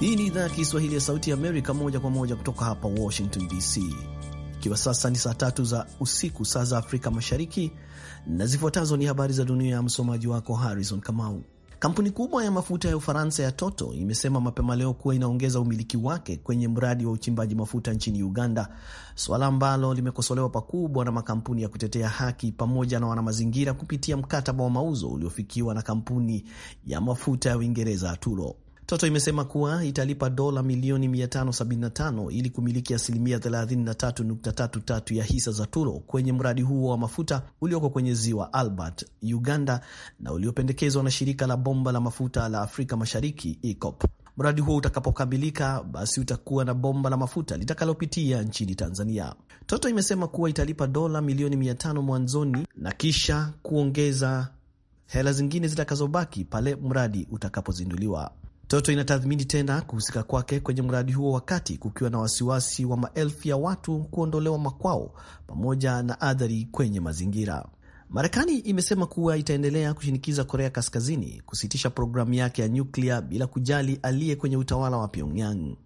Hii ni idhaa ya Kiswahili ya Sauti ya Amerika, moja kwa moja kutoka hapa Washington DC, ikiwa sasa ni saa tatu za usiku, saa za Afrika Mashariki, na zifuatazo ni habari za dunia ya msomaji wako Harrison Kamau. Kampuni kubwa ya mafuta ya Ufaransa ya toto imesema mapema leo kuwa inaongeza umiliki wake kwenye mradi wa uchimbaji mafuta nchini Uganda, suala ambalo limekosolewa pakubwa na makampuni ya kutetea haki pamoja na wanamazingira kupitia mkataba wa mauzo uliofikiwa na kampuni ya mafuta ya Uingereza aturo Toto imesema kuwa italipa dola milioni 575 ili kumiliki asilimia 33.33 ya hisa za Turo kwenye mradi huo wa mafuta ulioko kwenye ziwa Albert, Uganda, na uliopendekezwa na shirika la bomba la mafuta la Afrika Mashariki EACOP. Mradi huo utakapokamilika basi utakuwa na bomba la mafuta litakalopitia nchini Tanzania. Toto imesema kuwa italipa dola milioni 500 mwanzoni na kisha kuongeza hela zingine zitakazobaki pale mradi utakapozinduliwa. Toto inatathmini tena kuhusika kwake kwenye mradi huo wakati kukiwa na wasiwasi wa maelfu ya watu kuondolewa makwao pamoja na athari kwenye mazingira. Marekani imesema kuwa itaendelea kushinikiza Korea Kaskazini kusitisha programu yake ya nyuklia bila kujali aliye kwenye utawala wa Pyongyang.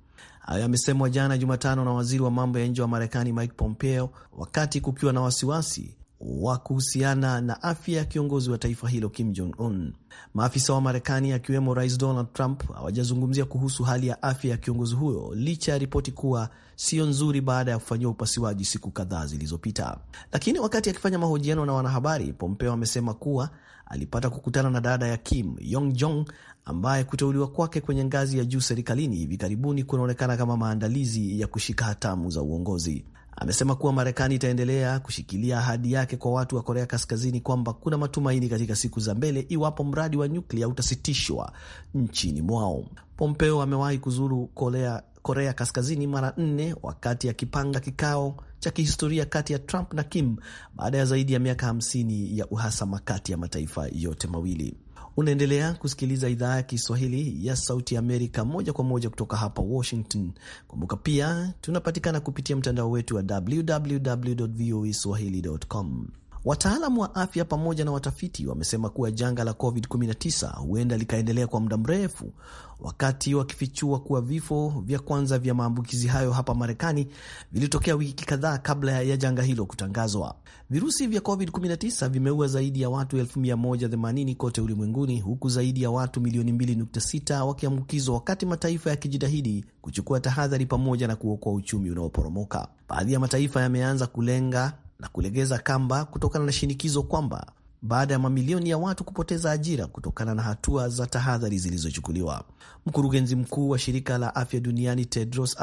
Hayo yamesemwa jana Jumatano na waziri wa mambo ya nje wa Marekani Mike Pompeo, wakati kukiwa na wasiwasi wa kuhusiana na afya ya kiongozi wa taifa hilo Kim Jong Un. Maafisa wa Marekani akiwemo Rais Donald Trump hawajazungumzia kuhusu hali ya afya ya kiongozi huyo licha ya ripoti kuwa siyo nzuri baada ya kufanyiwa upasuaji siku kadhaa zilizopita. Lakini wakati akifanya mahojiano na wanahabari, Pompeo amesema kuwa alipata kukutana na dada ya Kim Yong Jong ambaye kuteuliwa kwake kwenye ngazi ya juu serikalini hivi karibuni kunaonekana kama maandalizi ya kushika hatamu za uongozi amesema kuwa Marekani itaendelea kushikilia ahadi yake kwa watu wa Korea Kaskazini kwamba kuna matumaini katika siku za mbele iwapo mradi wa nyuklia utasitishwa nchini mwao. Pompeo amewahi kuzuru Korea, Korea Kaskazini mara nne wakati akipanga kikao cha kihistoria kati ya Trump na Kim baada ya zaidi ya miaka 50 ya uhasama kati ya mataifa yote mawili. Unaendelea kusikiliza idhaa ya Kiswahili ya Sauti Amerika moja kwa moja kutoka hapa Washington. Kumbuka pia tunapatikana kupitia mtandao wetu wa www voa swahili.com. Wataalamu wa afya pamoja na watafiti wamesema kuwa janga la COVID-19 huenda likaendelea kwa muda mrefu, wakati wakifichua kuwa vifo vya kwanza vya maambukizi hayo hapa Marekani vilitokea wiki kadhaa kabla ya janga hilo kutangazwa. Virusi vya COVID-19 vimeua zaidi ya watu 180 kote ulimwenguni, huku zaidi ya watu milioni 2.6 wakiambukizwa, wakati mataifa yakijitahidi kuchukua tahadhari pamoja na kuokoa uchumi unaoporomoka. Baadhi ya mataifa yameanza kulenga na kulegeza kamba kutokana na shinikizo kwamba baada ya mamilioni ya watu kupoteza ajira kutokana na hatua za tahadhari zilizochukuliwa. Mkurugenzi mkuu wa shirika la afya duniani Tedros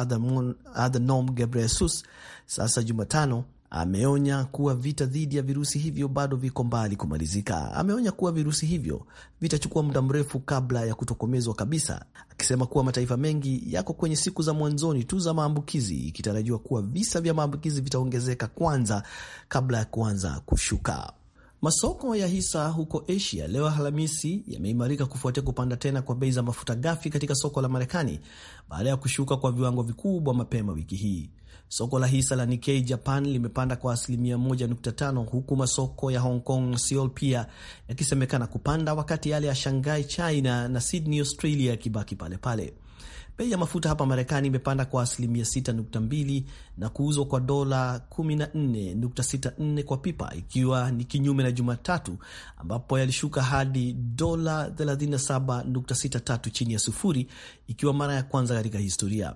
Adhanom Ghebreyesus sasa Jumatano Ameonya kuwa vita dhidi ya virusi hivyo bado viko mbali kumalizika. Ameonya kuwa virusi hivyo vitachukua muda mrefu kabla ya kutokomezwa kabisa, akisema kuwa mataifa mengi yako kwenye siku za mwanzoni tu za maambukizi, ikitarajiwa kuwa visa vya maambukizi vitaongezeka kwanza kabla ya kuanza kushuka. Masoko ya hisa huko Asia leo Alhamisi yameimarika kufuatia kupanda tena kwa bei za mafuta ghafi katika soko la Marekani baada ya kushuka kwa viwango vikubwa mapema wiki hii. Soko la hisa la Nikkei Japan limepanda kwa asilimia 1.5 huku masoko ya Hong Kong Seoul pia yakisemekana kupanda, wakati yale ya Shanghai China na Sydney Australia yakibaki palepale Bei ya mafuta hapa Marekani imepanda kwa asilimia 6.2 na kuuzwa kwa dola 14.64 kwa pipa, ikiwa ni kinyume na Jumatatu ambapo yalishuka hadi dola 37.63 chini ya sufuri, ikiwa mara ya kwanza katika historia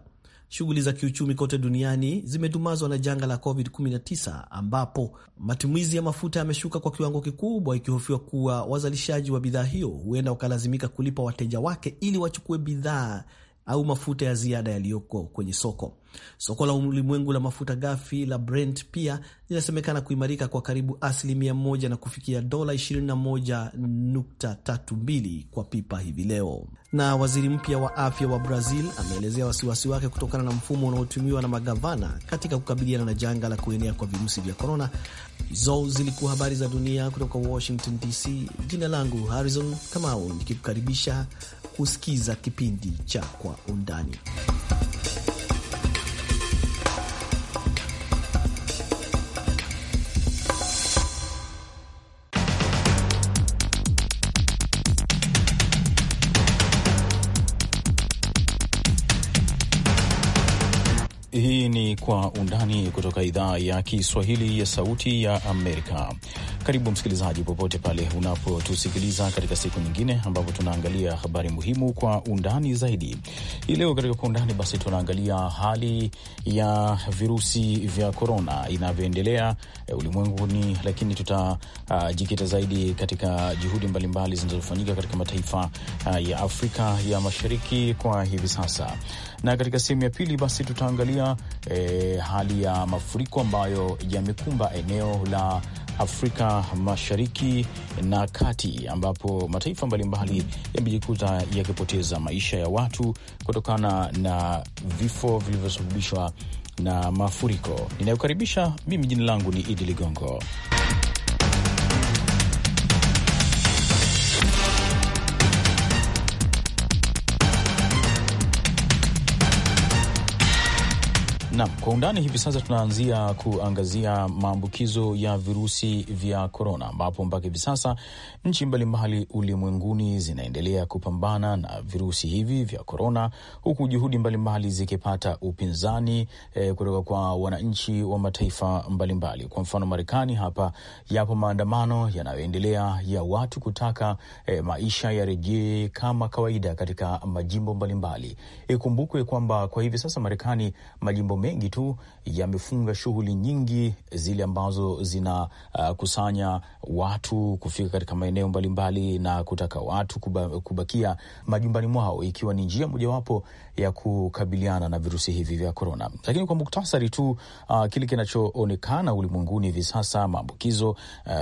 shughuli za kiuchumi kote duniani zimedumazwa na janga la COVID-19 ambapo matumizi ya mafuta yameshuka kwa kiwango kikubwa, ikihofiwa kuwa wazalishaji wa bidhaa hiyo huenda wakalazimika kulipa wateja wake ili wachukue bidhaa au mafuta ya ziada yaliyoko kwenye soko. Soko la ulimwengu la mafuta ghafi la Brent pia linasemekana kuimarika kwa karibu asilimia moja na kufikia dola 21.32 kwa pipa hivi leo. Na waziri mpya wa afya wa Brazil ameelezea wasiwasi wake kutokana na mfumo unaotumiwa na magavana katika kukabiliana na janga la kuenea kwa virusi vya korona. Hizo zilikuwa habari za dunia kutoka Washington DC. Jina langu Harrison Kamau nikikukaribisha kusikiza kipindi cha Kwa Undani. Hii ni Kwa Undani kutoka idhaa ya Kiswahili ya Sauti ya Amerika. Karibu msikilizaji, popote pale unapotusikiliza katika siku nyingine ambapo tunaangalia habari muhimu kwa undani zaidi. Hii leo katika kwa undani, basi tunaangalia hali ya virusi vya korona inavyoendelea e, ulimwenguni, lakini tutajikita uh, zaidi katika juhudi mbalimbali zinazofanyika katika mataifa uh, ya Afrika ya Mashariki kwa hivi sasa na katika sehemu ya pili basi tutaangalia e, hali ya mafuriko ambayo yamekumba eneo la Afrika Mashariki na Kati, ambapo mataifa mbalimbali yamejikuta yakipoteza maisha ya watu kutokana na vifo vilivyosababishwa na mafuriko. Ninayokaribisha mimi, jina langu ni Idi Ligongo. Naam, kwa undani hivi sasa tunaanzia kuangazia maambukizo ya virusi vya korona, ambapo mpaka hivi sasa nchi mbalimbali ulimwenguni zinaendelea kupambana na virusi hivi vya korona, huku juhudi mbalimbali zikipata upinzani eh, kutoka kwa wananchi wa mataifa mbalimbali. Kwa mfano, Marekani hapa yapo maandamano yanayoendelea ya watu kutaka eh, maisha yarejee kama kawaida katika majimbo mbalimbali. Ikumbukwe e, kwamba kwa hivi sasa Marekani majimbo mengi tu yamefunga shughuli nyingi zile ambazo zinakusanya ah, uh, watu kufika katika maeneo mbalimbali na kutaka watu kuba, kubakia majumbani mwao, ikiwa ni njia mojawapo ya kukabiliana na virusi hivi vya korona. Lakini kwa muktasari tu, uh, kile kinachoonekana ulimwenguni hivi sasa maambukizo uh,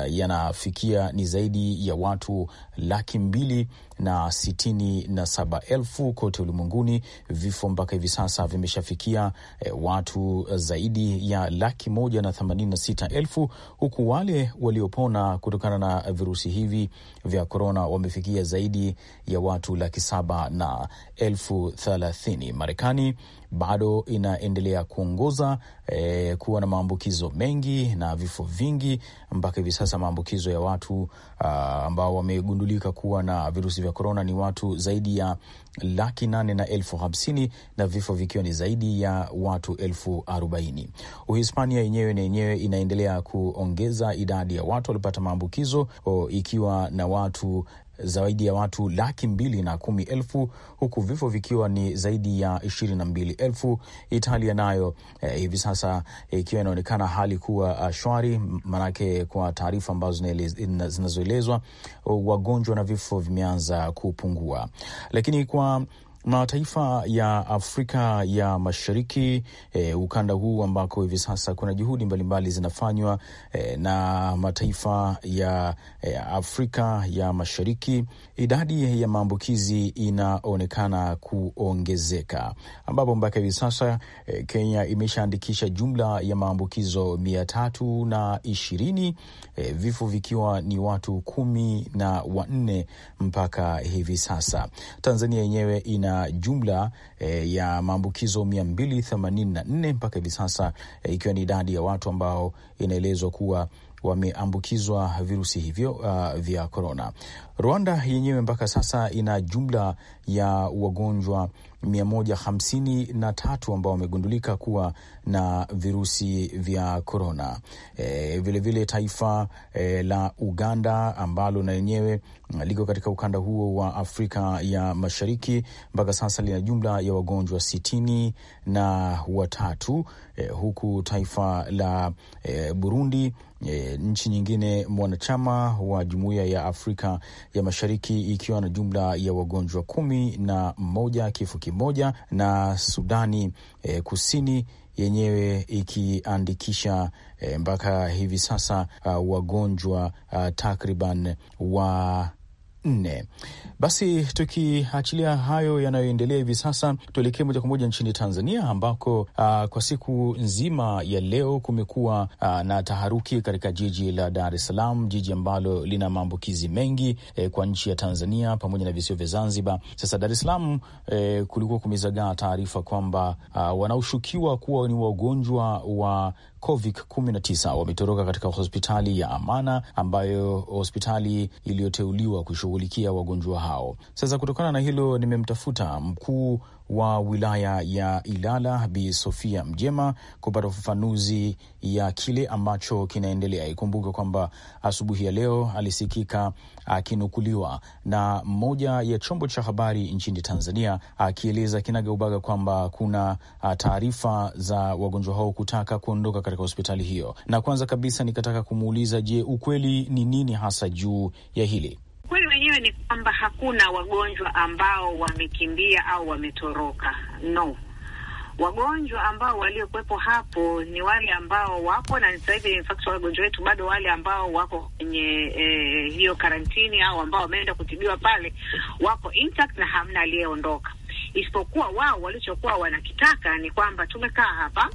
yanafikia ni zaidi ya watu laki mbili na sitini na saba elfu kote ulimwenguni. Vifo mpaka hivi sasa vimeshafikia e, watu zaidi ya laki moja na themanini na sita elfu huku wale waliopona kutokana na virusi hivi vya korona wamefikia zaidi ya watu laki saba na elfu thelathini. Marekani bado inaendelea kuongoza eh, kuwa na maambukizo mengi na vifo vingi. Mpaka hivi sasa maambukizo ya watu uh, ambao wamegundulika kuwa na virusi vya korona ni watu zaidi ya laki nane na elfu hamsini na vifo vikiwa ni zaidi ya watu elfu arobaini. Uhispania yenyewe na yenyewe inaendelea kuongeza idadi ya watu waliopata maambukizo oh, ikiwa na watu zaidi ya watu laki mbili na kumi elfu huku vifo vikiwa ni zaidi ya ishirini na mbili elfu. Italia nayo eh, hivi sasa ikiwa eh, inaonekana hali kuwa uh, shwari, manake kwa taarifa ambazo zinazoelezwa wagonjwa na vifo vimeanza kupungua, lakini kwa mataifa ya Afrika ya Mashariki, e, ukanda huu ambako hivi sasa kuna juhudi mbalimbali zinafanywa e, na mataifa ya e, Afrika ya Mashariki, idadi ya maambukizi inaonekana kuongezeka, ambapo mpaka hivi sasa e, Kenya imeshaandikisha jumla ya maambukizo mia tatu na ishirini, e, vifo vikiwa ni watu kumi na wanne mpaka hivi sasa. Tanzania yenyewe ina ya jumla e, ya maambukizo 284 mpaka hivi sasa e, ikiwa ni idadi ya watu ambao inaelezwa kuwa wameambukizwa virusi hivyo uh, vya korona. Rwanda yenyewe mpaka sasa ina jumla ya wagonjwa 153 ambao wamegundulika kuwa na virusi vya korona. Vilevile vile taifa e, la Uganda ambalo na lenyewe mm, liko katika ukanda huo wa Afrika ya Mashariki mpaka sasa lina jumla ya wagonjwa sitini na watatu e, huku taifa la e, Burundi e, nchi nyingine mwanachama wa Jumuiya ya Afrika ya Mashariki ikiwa na jumla ya wagonjwa kumi na mmoja, kifo kimoja, na Sudani e, Kusini yenyewe ikiandikisha e, mpaka hivi sasa uh, wagonjwa uh, takriban wa nne. Basi tukiachilia hayo yanayoendelea hivi sasa, tuelekee moja kwa moja nchini Tanzania ambako uh, kwa siku nzima ya leo kumekuwa uh, na taharuki katika jiji la Dar es Salaam, jiji ambalo lina maambukizi mengi eh, kwa nchi ya Tanzania pamoja na visio vya Zanzibar. Sasa Dar es Salaam eh, kulikuwa kumezagaa taarifa kwamba uh, wanaoshukiwa kuwa ni wagonjwa wa COVID-19 wametoroka katika hospitali ya Amana ambayo hospitali iliyoteuliwa kushughulikia wagonjwa hao. Sasa kutokana na hilo, nimemtafuta mkuu wa wilaya ya Ilala Bi Sofia Mjema kupata ufafanuzi ya kile ambacho kinaendelea. Ikumbuke kwamba asubuhi ya leo alisikika akinukuliwa na mmoja ya chombo cha habari nchini Tanzania akieleza kinagaubaga kwamba kuna taarifa za wagonjwa hao kutaka kuondoka katika hospitali hiyo, na kwanza kabisa nikataka kumuuliza, je, ukweli ni nini hasa juu ya hili? kwamba hakuna wagonjwa ambao wamekimbia au wametoroka, no. Wagonjwa ambao waliokuwepo hapo ni wale ambao wapo na sasa hivi, in fact, wagonjwa wetu bado wale ambao wako kwenye eh, hiyo karantini au ambao wameenda kutibiwa pale wako intact na hamna aliyeondoka, isipokuwa wao walichokuwa wanakitaka ni kwamba tumekaa hapa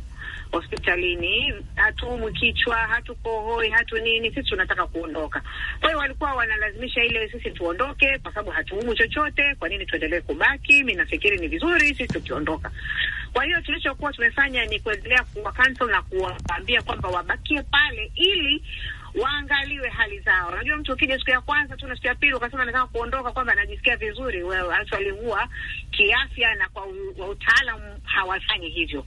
hospitalini, hatuumwi kichwa, hatukohoi, hatu nini, sisi tunataka kuondoka. Kwa hiyo walikuwa wanalazimisha ile sisi tuondoke, kwa sababu hatuumwi chochote. Kwa nini tuendelee kubaki? Mi nafikiri ni vizuri sisi tukiondoka. Kwa hiyo tulichokuwa tumefanya ni kuendelea kuwa cancel na kuwaambia kwamba wabakie pale ili waangaliwe hali zao. Unajua, mtu ukija siku ya kwanza tu na siku ya pili ukasema nataka kuondoka, kwamba anajisikia vizuri, wewe well, actually huwa kiafya na kwa utaalamu hawafanyi hivyo.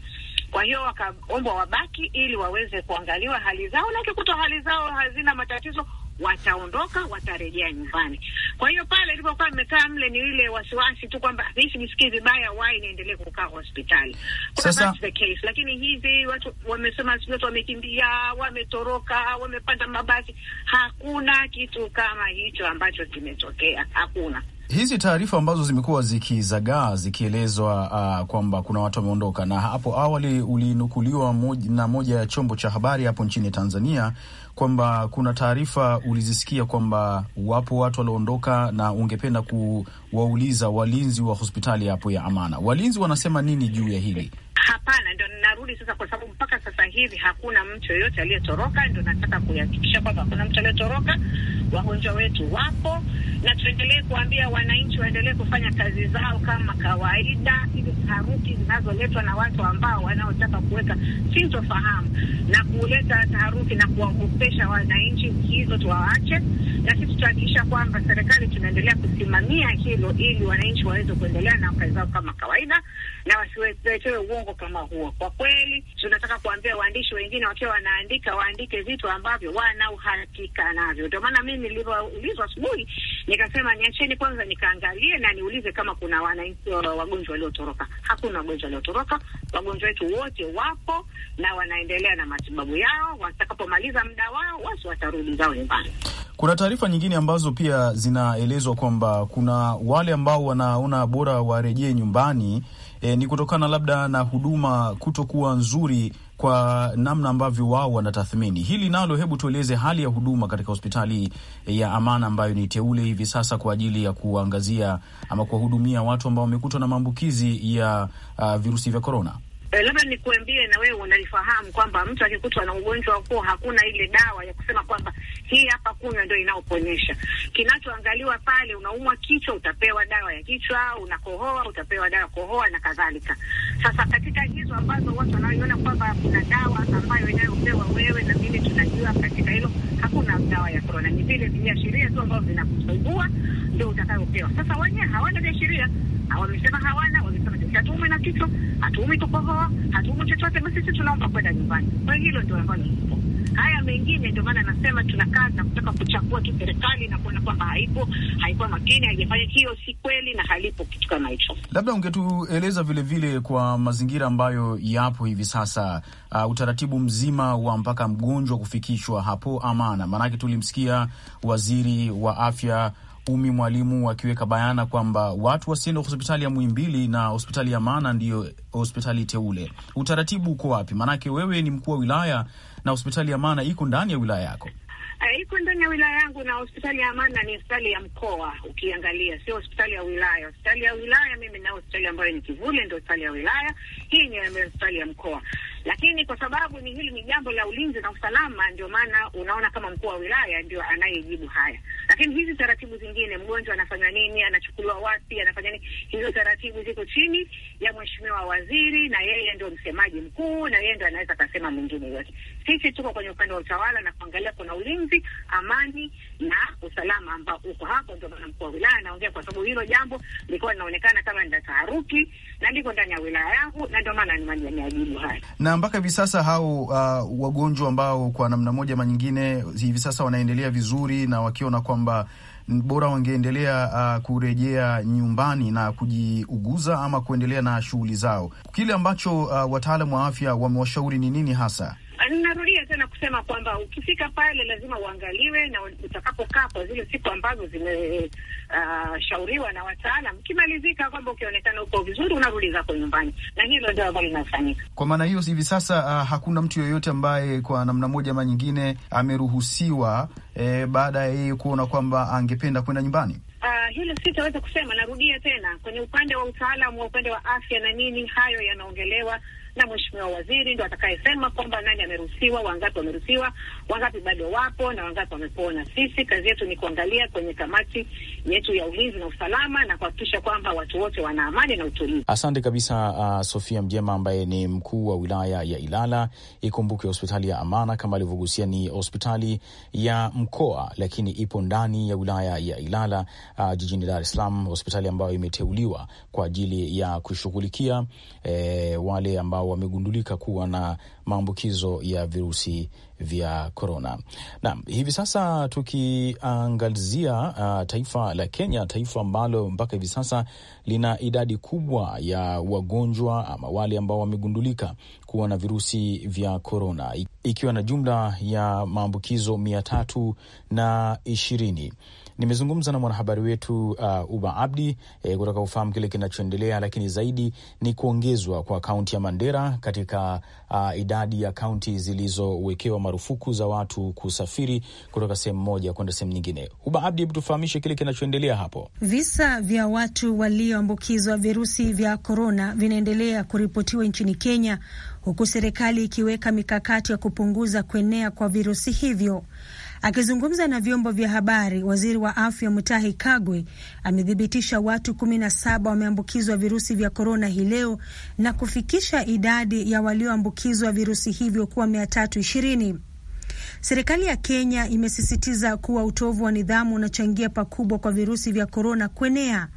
Kwa hiyo wakaombwa wabaki ili waweze kuangaliwa hali zao, na wakikuta hali zao hazina matatizo wataondoka, watarejea nyumbani. Kwa hiyo pale ilipokuwa nimekaa mle ni ile wasiwasi tu kwamba hisi nisikii vibaya, wai niendelee kukaa hospitali. Sasa the case, lakini hivi watu wamesema watu wamekimbia, wametoroka, wamepanda mabasi. Hakuna kitu kama hicho ambacho kimetokea, hakuna hizi taarifa ambazo zimekuwa zikizagaa zikielezwa uh, kwamba kuna watu wameondoka, na hapo awali ulinukuliwa moj, na moja ya chombo cha habari hapo nchini Tanzania kwamba kuna taarifa ulizisikia kwamba wapo watu walioondoka, na ungependa kuwauliza walinzi wa hospitali hapo ya Amana, walinzi wanasema nini juu ya hili? Hapana, ndo ninarudi sasa, kwa sababu mpaka sasa hivi hakuna mtu yoyote aliyetoroka. Ndo nataka kuhakikisha kwamba hakuna mtu aliyetoroka, wagonjwa wetu wapo, na tuendelee kuambia wananchi waendelee kufanya kazi zao kama kawaida. Hizi taharuki zinazoletwa na watu ambao wanaotaka kuweka sintofahamu na kuleta taharuki na kuwaogopesha wananchi, hizo tuwaache na sisi tutahakikisha kwamba serikali tunaendelea kusimamia hilo ili wananchi waweze kuendelea na kazi zao kama kawaida na wasiletewe uongo kama huo. Kwa kweli, tunataka kuambia waandishi wengine wakiwa wanaandika, waandike vitu ambavyo wana uhakika navyo. Ndio maana mimi nilivyoulizwa asubuhi, nikasema niacheni kwanza nikaangalie na niulize kama kuna wananchi wagonjwa waliotoroka. Hakuna wagonjwa waliotoroka, wagonjwa wetu wote wapo na wanaendelea na matibabu yao. Watakapomaliza muda wao, wasi watarudi zao nyumbani. Kuna taarifa taarifa nyingine ambazo pia zinaelezwa kwamba kuna wale ambao wanaona bora warejee nyumbani e, ni kutokana labda na huduma kutokuwa nzuri kwa namna ambavyo wao wanatathmini hili nalo. Hebu tueleze hali ya huduma katika hospitali ya Amana ambayo ni teule hivi sasa kwa ajili ya kuangazia ama kuwahudumia watu ambao wamekutwa na maambukizi ya uh, virusi vya korona. E, labda nikuambie na wewe unalifahamu kwamba mtu akikutwa na ugonjwa wa koo hakuna ile dawa ya kusema kwamba hii hapa kunywa ndio inaoponyesha. Kinachoangaliwa pale, unaumwa kichwa, utapewa dawa ya kichwa, unakohoa, utapewa dawa ya kohoa na kadhalika. Sasa katika hizo ambazo watu wanaiona kwamba kuna dawa ambayo inayopewa wewe na mimi tunajua katika hilo hakuna dawa ya korona, ni vile viashiria tu ambavyo vinakusumbua ndio utakayopewa. Sasa wenyewe hawana viashiria, wamesema hawana, wamesema sisi hatuumwi na kichwa, hatuumwi kukohoa, hatuumwi chochote, basi sisi tunaomba kwenda nyumbani. Kwa hiyo hilo ndio ambalo lipo. Haya mengine ndio maana nasema na kutaka kuchambua tu serikali na kuona kwamba haipo, haikuwa makini, haijafanya. Hiyo si kweli na halipo kitu kama hicho. Labda ungetueleza vile vile kwa mazingira ambayo yapo hivi sasa, uh, utaratibu mzima wa mpaka mgonjwa kufikishwa hapo Amana, maanake tulimsikia waziri wa afya Umi Mwalimu akiweka bayana kwamba watu wasiende hospitali ya Muhimbili na hospitali ya Amana ndiyo hospitali teule. Utaratibu uko wapi? Maanake wewe ni mkuu wa wilaya na hospitali ya Amana iko ndani ya wilaya yako? Eh, iko ndani ya wilaya yangu, na hospitali ya Amana ni hospitali ya mkoa, ukiangalia sio hospitali ya wilaya. Hospitali ya wilaya mimi na hospitali ambayo ni kivule, ndio hospitali ya wilaya, hii ni hospitali ya mkoa. Lakini kwa sababu ni hili ni jambo la ulinzi na usalama, ndio maana unaona kama mkuu wa wilaya ndio anayejibu haya. Lakini hizi taratibu zingine, mgonjwa anafanya nini, anachukuliwa wapi, anafanya nini, hizo taratibu ziko chini ya mheshimiwa waziri, na yeye ndio msemaji mkuu, na yeye ndio anaweza akasema mwingine yote. Sisi tuko kwenye upande wa utawala na kuangalia kuna ulinzi, amani na usalama ambao uko hapo. Ndio maana mkuu wa wilaya anaongea, kwa sababu hilo jambo lilikuwa linaonekana kama ni taharuki na liko ndani ya wilaya yangu, na ndio maana nimejibu haya. Na mpaka hivi sasa hao uh, wagonjwa ambao kwa namna moja ama nyingine hivi sasa wanaendelea vizuri na wakiona kwamba bora wangeendelea uh, kurejea nyumbani na kujiuguza ama kuendelea na shughuli zao. Kile ambacho uh, wataalamu wa afya wamewashauri ni nini hasa? Ninarudia tena kusema kwamba ukifika pale lazima uangaliwe, na utakapokaa kwa zile siku ambazo zimeshauriwa uh, na wataalam, ukimalizika kwamba ukionekana uko vizuri, unarudi zako nyumbani, na hilo ndio ambalo linafanyika kwa maana hiyo. Hivi sasa uh, hakuna mtu yoyote ambaye kwa namna moja ama nyingine ameruhusiwa eh, baada ya yeye kuona kwamba angependa kwenda nyumbani. Uh, hilo sitaweza kusema, narudia tena, kwenye upande wa utaalamu wa upande wa afya na nini, hayo yanaongelewa na mheshimiwa waziri ndo atakayesema kwamba nani ameruhusiwa, wangapi wameruhusiwa, wangapi bado wapo na wangapi wamepona. Sisi kazi yetu ni kuangalia kwenye kamati yetu ya ulinzi na usalama na kuhakikisha kwamba watu wote wana amani na utulivu. Asante kabisa, uh, Sofia Mjema ambaye ni mkuu wa wilaya ya Ilala. Ikumbuke hospitali ya Amana kama alivyogusia ni hospitali ya mkoa, lakini ipo ndani ya wilaya ya Ilala, uh, jijini Dar es Salaam, hospitali ambayo imeteuliwa kwa ajili ya kushughulikia eh, wale ambao wamegundulika kuwa na maambukizo ya virusi vya korona. Naam, hivi sasa tukiangazia uh, taifa la Kenya, taifa ambalo mpaka hivi sasa lina idadi kubwa ya wagonjwa ama wale ambao wamegundulika kuwa na virusi vya korona, ikiwa na jumla ya maambukizo mia tatu na ishirini. Nimezungumza na mwanahabari wetu uh, Uba Abdi e, kutaka kufahamu kile kinachoendelea, lakini zaidi ni kuongezwa kwa kaunti ya Mandera katika uh, idadi ya kaunti zilizowekewa marufuku za watu kusafiri kutoka sehemu moja kwenda sehemu nyingine. Uba Abdi, hebu tufahamishe kile kinachoendelea hapo. Visa vya watu walioambukizwa virusi vya korona vinaendelea kuripotiwa nchini Kenya, huku serikali ikiweka mikakati ya kupunguza kuenea kwa virusi hivyo. Akizungumza na vyombo vya habari, waziri wa afya Mutahi Kagwe amethibitisha watu kumi na saba wameambukizwa virusi vya korona hii leo na kufikisha idadi ya walioambukizwa virusi hivyo kuwa mia tatu ishirini. Serikali ya Kenya imesisitiza kuwa utovu wa nidhamu unachangia pakubwa kwa virusi vya korona kuenea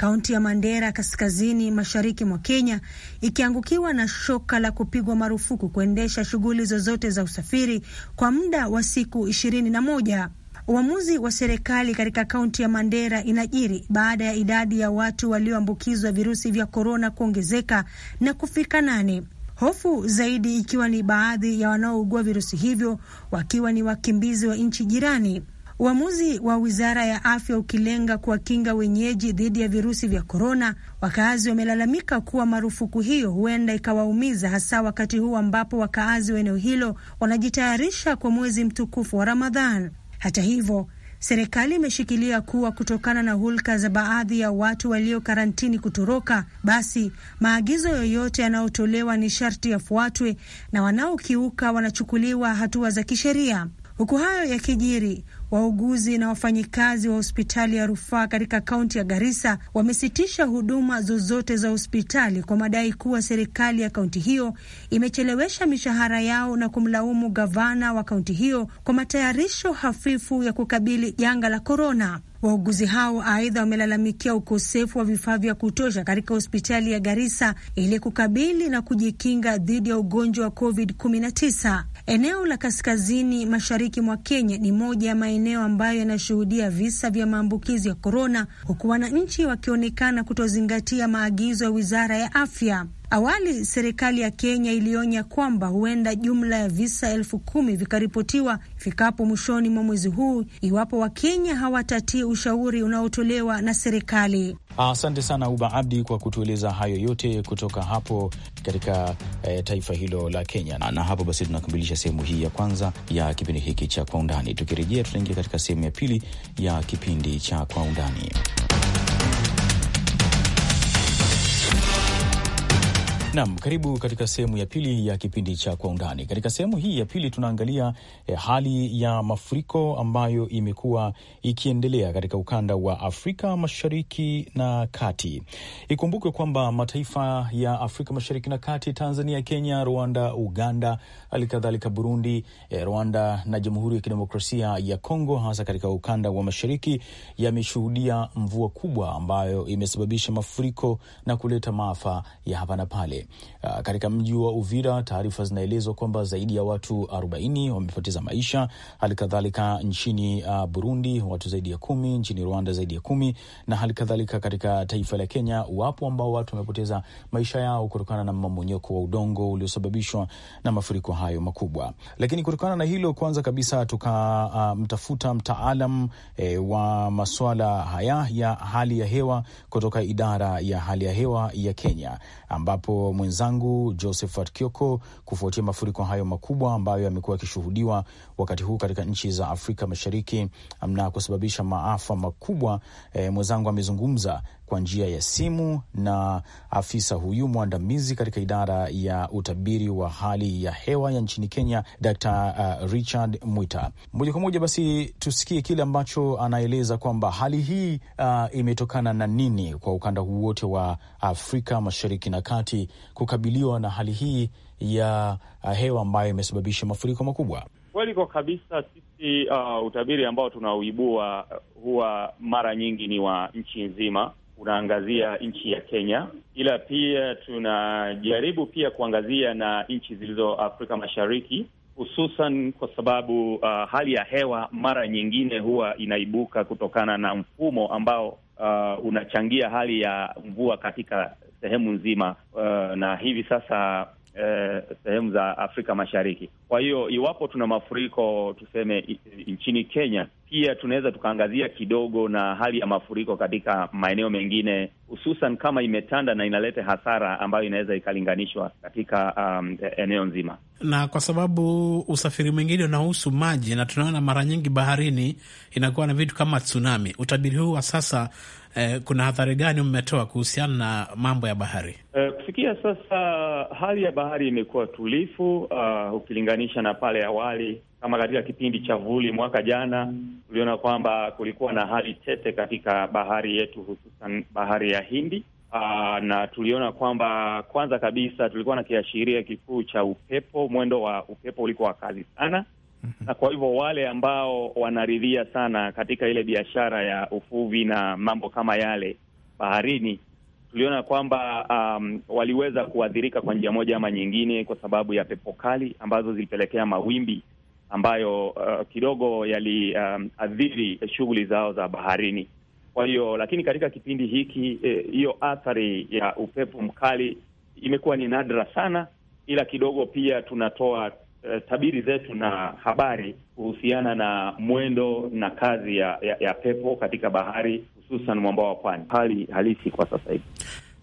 kaunti ya Mandera kaskazini mashariki mwa Kenya ikiangukiwa na shoka la kupigwa marufuku kuendesha shughuli zozote za usafiri kwa muda wa siku ishirini na moja. Uamuzi wa serikali katika kaunti ya Mandera inajiri baada ya idadi ya watu walioambukizwa virusi vya korona kuongezeka na kufika nane hofu zaidi ikiwa ni baadhi ya wanaougua virusi hivyo wakiwa ni wakimbizi wa nchi jirani. Uamuzi wa wizara ya afya ukilenga kuwakinga wenyeji dhidi ya virusi vya korona, wakaazi wamelalamika kuwa marufuku hiyo huenda ikawaumiza, hasa wakati huu ambapo wakaazi wa eneo hilo wanajitayarisha kwa mwezi mtukufu wa Ramadhan. Hata hivyo serikali imeshikilia kuwa kutokana na hulka za baadhi ya watu walio karantini kutoroka, basi maagizo yoyote yanayotolewa ni sharti yafuatwe na wanaokiuka wanachukuliwa hatua za kisheria. Huku hayo yakijiri, Wauguzi na wafanyikazi wa hospitali ya rufaa katika kaunti ya Garissa wamesitisha huduma zozote za hospitali kwa madai kuwa serikali ya kaunti hiyo imechelewesha mishahara yao na kumlaumu gavana wa kaunti hiyo kwa matayarisho hafifu ya kukabili janga la korona. Wauguzi hao aidha wamelalamikia ukosefu wa vifaa vya kutosha katika hospitali ya Garissa ili kukabili na kujikinga dhidi ya ugonjwa wa COVID-19. Eneo la kaskazini mashariki mwa Kenya ni moja ya maeneo ambayo yanashuhudia visa vya maambukizi ya korona, huku wananchi wakionekana kutozingatia maagizo ya wizara ya afya. Awali serikali ya Kenya ilionya kwamba huenda jumla ya visa elfu kumi vikaripotiwa ifikapo mwishoni mwa mwezi huu iwapo Wakenya hawatatii ushauri unaotolewa na serikali. Asante sana Uba Abdi kwa kutueleza hayo yote kutoka hapo katika eh, taifa hilo la Kenya. Na, na hapo basi tunakamilisha sehemu hii ya kwanza ya kipindi hiki cha Kwa Undani. Tukirejea tutaingia katika sehemu ya pili ya kipindi cha Kwa Undani. Nam, karibu katika sehemu ya pili ya kipindi cha Kwa Undani. Katika sehemu hii ya pili tunaangalia eh, hali ya mafuriko ambayo imekuwa ikiendelea katika ukanda wa Afrika Mashariki na Kati. Ikumbukwe kwamba mataifa ya Afrika Mashariki na Kati, Tanzania, Kenya, Rwanda, Uganda, hali kadhalika Burundi, eh, Rwanda na Jamhuri ya Kidemokrasia ya Kongo, hasa katika ukanda wa mashariki, yameshuhudia mvua kubwa ambayo imesababisha mafuriko na kuleta maafa ya hapa na pale. Uh, katika mji wa Uvira, taarifa zinaelezwa kwamba zaidi ya watu 40 wamepoteza maisha. Hali kadhalika nchini uh, Burundi watu zaidi ya kumi, nchini Rwanda zaidi ya kumi, na hali kadhalika katika taifa la Kenya wapo ambao watu wamepoteza maisha yao kutokana na mmomonyoko wa udongo uliosababishwa na mafuriko hayo makubwa. Lakini kutokana na hilo, kwanza kabisa tukamtafuta eh, uh, mtaalam eh, wa masuala haya ya hali ya hewa kutoka idara ya hali ya hewa ya Kenya ambapo mwenzangu Josephat Kioko kufuatia mafuriko hayo makubwa ambayo yamekuwa yakishuhudiwa wakati huu katika nchi za Afrika Mashariki na kusababisha maafa makubwa. E, mwenzangu amezungumza kwa njia ya simu na afisa huyu mwandamizi katika idara ya utabiri wa hali ya hewa ya nchini Kenya, Dr uh, Richard Mwita. Moja kwa moja basi tusikie kile ambacho anaeleza kwamba hali hii uh, imetokana na nini kwa ukanda huu wote wa Afrika Mashariki na Kati kukabiliwa na hali hii ya uh, hewa ambayo imesababisha mafuriko makubwa. Kweli kwa kabisa, sisi uh, utabiri ambao tunauibua huwa mara nyingi ni wa nchi nzima unaangazia nchi ya Kenya, ila pia tunajaribu pia kuangazia na nchi zilizo Afrika Mashariki, hususan kwa sababu uh, hali ya hewa mara nyingine huwa inaibuka kutokana na mfumo ambao uh, unachangia hali ya mvua katika sehemu nzima uh, na hivi sasa Eh, sehemu za Afrika Mashariki. Kwa hiyo iwapo tuna mafuriko tuseme nchini Kenya, pia tunaweza tukaangazia kidogo na hali ya mafuriko katika maeneo mengine, hususan kama imetanda na inaleta hasara ambayo inaweza ikalinganishwa katika um, eneo nzima, na kwa sababu usafiri mwingine unahusu maji, na tunaona mara nyingi baharini inakuwa na vitu kama tsunami. Utabiri huu wa sasa Eh, kuna hadhari gani mmetoa kuhusiana na mambo ya bahari? Eh, kufikia sasa hali ya bahari imekuwa tulifu uh, ah, ukilinganisha na pale awali kama katika kipindi cha vuli mwaka jana, tuliona kwamba kulikuwa na hali tete katika bahari yetu, hususan bahari ya Hindi. Aa, ah, na tuliona kwamba kwanza kabisa tulikuwa na kiashiria kikuu cha upepo. Mwendo wa upepo ulikuwa wa kazi sana, mhm. na kwa hivyo wale ambao wanaridhia sana katika ile biashara ya uvuvi na mambo kama yale baharini, tuliona kwamba um, waliweza kuathirika kwa njia moja ama nyingine, kwa sababu ya pepo kali ambazo zilipelekea mawimbi ambayo uh, kidogo yaliathiri um, shughuli zao za baharini. Kwa hiyo lakini katika kipindi hiki eh, hiyo eh, athari ya upepo mkali imekuwa ni nadra sana, ila kidogo pia tunatoa eh, tabiri zetu na habari kuhusiana na mwendo na kazi ya, ya, ya pepo katika bahari hususan mwambao wa pwani, hali halisi kwa sasa hivi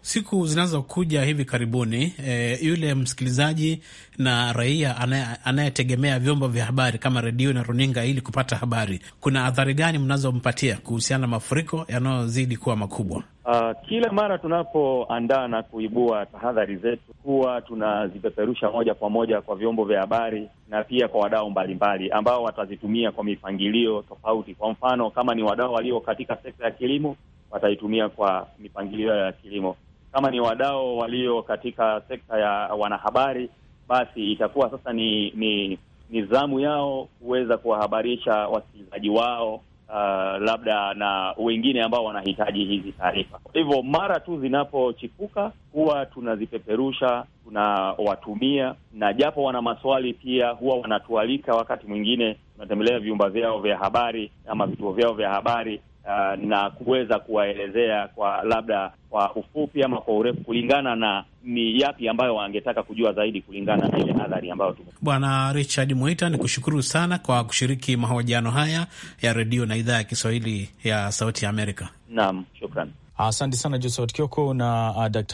siku zinazokuja hivi karibuni, e, yule msikilizaji na raia anayetegemea vyombo vya habari kama redio na runinga ili kupata habari, kuna athari gani mnazompatia kuhusiana na mafuriko yanayozidi kuwa makubwa? Uh, kila mara tunapoandaa na kuibua tahadhari zetu huwa tunazipeperusha moja kwa moja kwa vyombo vya habari na pia kwa wadau mbalimbali ambao watazitumia kwa mipangilio tofauti. Kwa mfano, kama ni wadau walio katika sekta ya kilimo wataitumia kwa mipangilio ya kilimo kama ni wadau walio katika sekta ya wanahabari, basi itakuwa sasa ni ni ni zamu yao kuweza kuwahabarisha wasikilizaji wao uh, labda na wengine ambao wanahitaji hizi taarifa. Kwa hivyo mara tu zinapochipuka huwa tunazipeperusha, tunawatumia, na japo wana maswali pia huwa wanatualika. Wakati mwingine tunatembelea vyumba vyao vya habari ama vituo vyao vya habari uh, na kuweza kuwaelezea kwa labda kwa ufupi ama kwa urefu kulingana na ni yapi ambayo wangetaka kujua zaidi kulingana na ile nadhari ambayo tume. Bwana Richard Mwita, ni kushukuru sana kwa kushiriki mahojiano haya ya redio na idhaa ya Kiswahili ya Sauti ya Amerika. Naam, shukrani. Asante sana Josephat Kioko na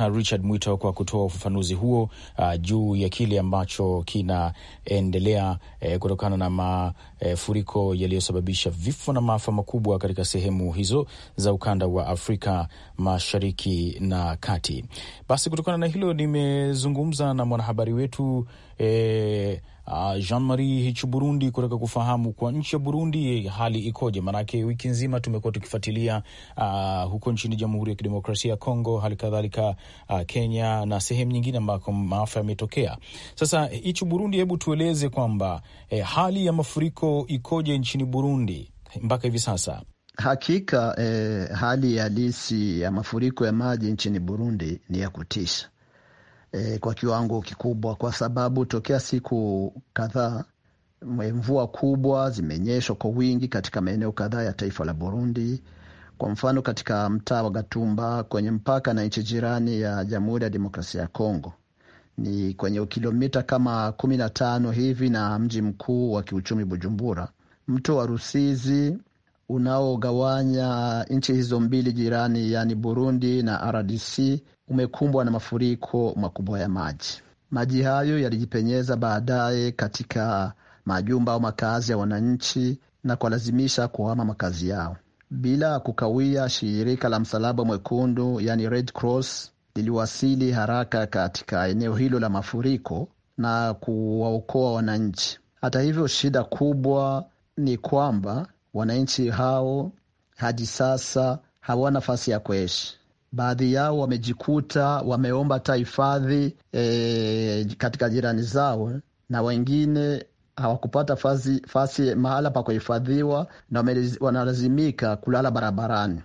uh, Richard Mwito kwa kutoa ufafanuzi huo uh, juu ya kile ambacho kinaendelea eh, kutokana na mafuriko eh, yaliyosababisha vifo na maafa makubwa katika sehemu hizo za ukanda wa Afrika Mashariki na Kati. Basi kutokana na hilo nimezungumza na mwanahabari wetu e, a Jean Marie Hich Burundi, kutaka kufahamu kwa nchi ya Burundi hali ikoje? Maanake wiki nzima tumekuwa tukifuatilia uh, huko nchini Jamhuri ya Kidemokrasia ya Kongo, hali kadhalika uh, Kenya na sehemu nyingine ambako maafa yametokea. Sasa Hich Burundi, hebu tueleze kwamba eh, hali ya mafuriko ikoje nchini Burundi mpaka hivi sasa? Hakika eh, hali halisi ya mafuriko ya maji nchini Burundi ni ya kutisha e, kwa kiwango kikubwa, kwa sababu tokea siku kadhaa mvua kubwa zimenyeshwa kwa wingi katika maeneo kadhaa ya taifa la Burundi. Kwa mfano, katika mtaa wa Gatumba kwenye mpaka na nchi jirani ya Jamhuri ya Demokrasia ya Kongo ni kwenye kilomita kama kumi na tano hivi na mji mkuu wa kiuchumi Bujumbura. Mto wa Rusizi unaogawanya nchi hizo mbili jirani, yaani Burundi na RDC, umekumbwa na mafuriko makubwa ya maji. Maji hayo yalijipenyeza baadaye katika majumba au makazi ya wananchi na kuwalazimisha kuhama makazi yao. Bila kukawia, shirika la Msalaba Mwekundu yani Red Cross liliwasili haraka katika eneo hilo la mafuriko na kuwaokoa wananchi. Hata hivyo, shida kubwa ni kwamba Wananchi hao hadi sasa hawana nafasi ya kuishi. Baadhi yao wamejikuta wameomba hata hifadhi e, katika jirani zao, na wengine hawakupata fasi mahala pa kuhifadhiwa na wanalazimika kulala barabarani.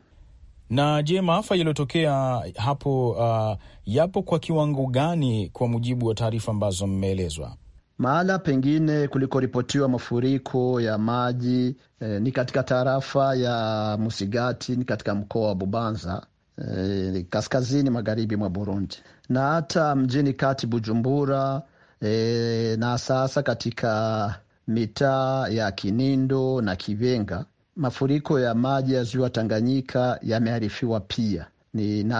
Na je, maafa yaliyotokea hapo uh, yapo kwa kiwango gani, kwa mujibu wa taarifa ambazo mmeelezwa? Mahala pengine kulikoripotiwa mafuriko ya maji e, ni katika tarafa ya Musigati, ni katika mkoa wa Bubanza e, kaskazini magharibi mwa Burundi, na hata mjini kati Bujumbura e, na sasa katika mitaa ya Kinindo na Kivenga mafuriko ya maji ya ziwa Tanganyika yamearifiwa pia ni, na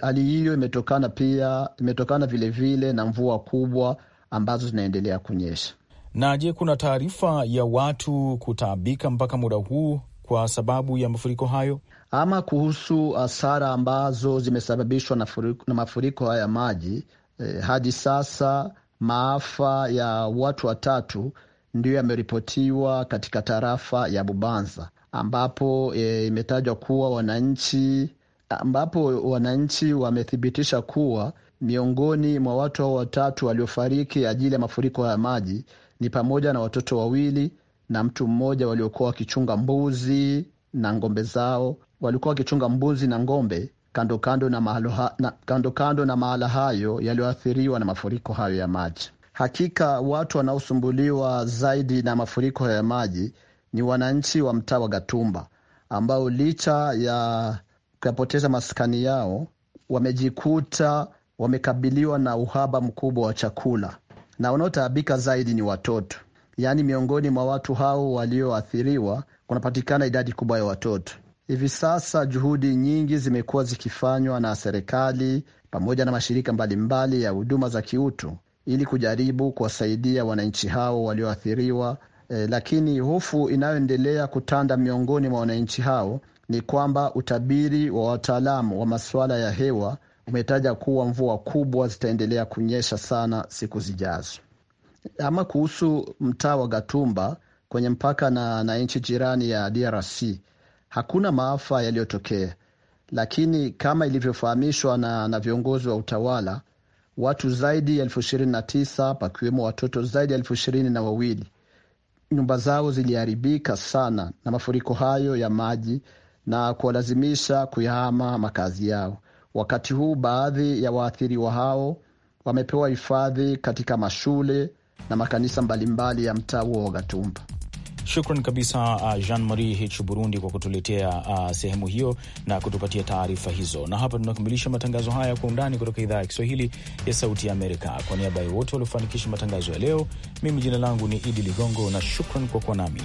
hali hiyo imetokana pia imetokana vilevile na mvua kubwa ambazo zinaendelea kunyesha. Na je, kuna taarifa ya watu kutaabika mpaka muda huu kwa sababu ya mafuriko hayo? Ama kuhusu hasara ambazo zimesababishwa na, na mafuriko haya maji e, hadi sasa maafa ya watu watatu ndiyo yameripotiwa katika tarafa ya Bubanza ambapo e, imetajwa kuwa wananchi ambapo wananchi wamethibitisha kuwa Miongoni mwa watu hao watatu waliofariki ajili ya mafuriko ya maji ni pamoja na watoto wawili na mtu mmoja waliokuwa wakichunga mbuzi na ng'ombe zao. Walikuwa wakichunga mbuzi na ng'ombe kando kando na mahala, na, kando kando na mahala hayo yaliyoathiriwa na mafuriko hayo ya maji. Hakika watu wanaosumbuliwa zaidi na mafuriko ya maji ni wananchi wa mtaa wa Gatumba ambao licha ya kuyapoteza maskani yao wamejikuta wamekabiliwa na uhaba mkubwa wa chakula na wanaotaabika zaidi ni watoto. Yaani, miongoni mwa watu hao walioathiriwa kunapatikana idadi kubwa ya watoto. Hivi sasa juhudi nyingi zimekuwa zikifanywa na serikali pamoja na mashirika mbalimbali mbali ya huduma za kiutu ili kujaribu kuwasaidia wananchi hao walioathiriwa. E, lakini hofu inayoendelea kutanda miongoni mwa wananchi hao ni kwamba utabiri wa wataalamu wa masuala ya hewa umetaja kuwa mvua kubwa zitaendelea kunyesha sana siku zijazo. Ama kuhusu mtaa wa Gatumba kwenye mpaka na, na nchi jirani ya DRC hakuna maafa yaliyotokea, lakini kama ilivyofahamishwa na, na viongozi wa utawala, watu zaidi ya elfu ishirini na tisa pakiwemo watoto zaidi ya elfu ishirini na wawili nyumba zao ziliharibika sana na mafuriko hayo ya maji na kuwalazimisha kuyahama makazi yao. Wakati huu baadhi ya waathiriwa hao wamepewa hifadhi katika mashule na makanisa mbalimbali ya mtaa wa Gatumba. Shukran kabisa uh, Jean Marie Hich Burundi kwa kutuletea uh, sehemu hiyo na kutupatia taarifa hizo. Na hapa tunakamilisha matangazo haya kwa undani kutoka idhaa ya Kiswahili ya Sauti ya Amerika. Kwa niaba ya wote waliofanikisha matangazo ya leo, mimi jina langu ni Idi Ligongo na shukran kwa kuwa nami.